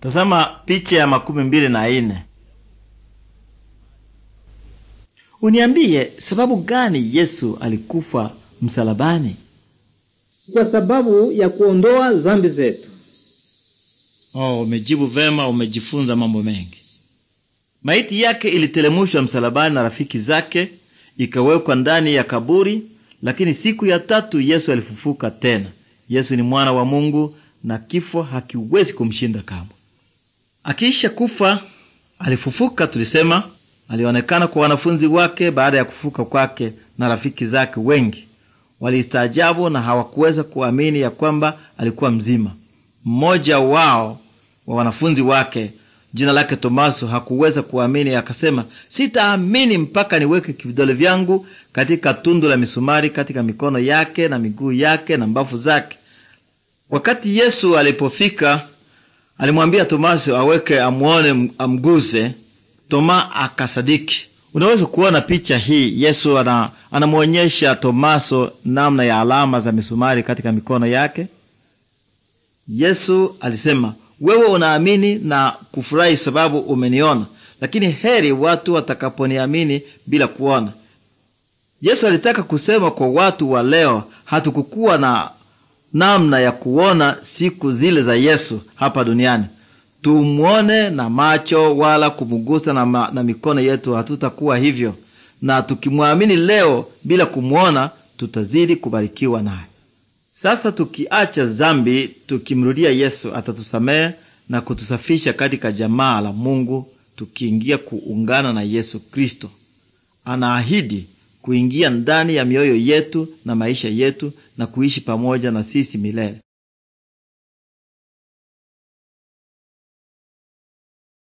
Tazama picha ya makumi mbili na ine. Uniambie sababu gani Yesu alikufa msalabani? Kwa sababu ya kuondoa zambi zetu. Oh, umejibu vema, umejifunza mambo mengi. Maiti yake ilitelemushwa msalabani na rafiki zake, ikawekwa ndani ya kaburi, lakini siku ya tatu Yesu alifufuka tena. Yesu ni mwana wa Mungu na kifo hakiwezi kumshinda kamwe. Akiisha kufa alifufuka, tulisema alionekana kwa wanafunzi wake baada ya kufuka kwake, na rafiki zake wengi walistaajabu na hawakuweza kuamini ya kwamba alikuwa mzima. Mmoja wao wa wanafunzi wake jina lake Tomaso hakuweza kuamini, akasema, sitaamini mpaka niweke vidole vyangu katika tundu la misumari katika mikono yake na miguu yake na mbavu zake. Wakati Yesu alipofika alimwambia Tomaso aweke amwone, amguze. Toma akasadiki. Unaweza kuona picha hii, Yesu anamwonyesha Tomaso namna ya alama za misumari katika mikono yake. Yesu alisema, wewe unaamini na kufurahi sababu umeniona, lakini heri watu watakaponiamini bila kuona. Yesu alitaka kusema kwa watu wa leo, hatukukuwa na namna ya kuona siku zile za Yesu hapa duniani. Tumwone na macho wala kumugusa na, ma, na mikono yetu, hatutakuwa hivyo. Na tukimwamini leo bila kumwona, tutazidi kubarikiwa naye. Sasa tukiacha zambi, tukimrudia Yesu, atatusamehe na kutusafisha katika jamaa la Mungu, tukiingia kuungana na Yesu Kristo. Anaahidi kuingia ndani ya mioyo yetu na maisha yetu na kuishi pamoja na sisi milele.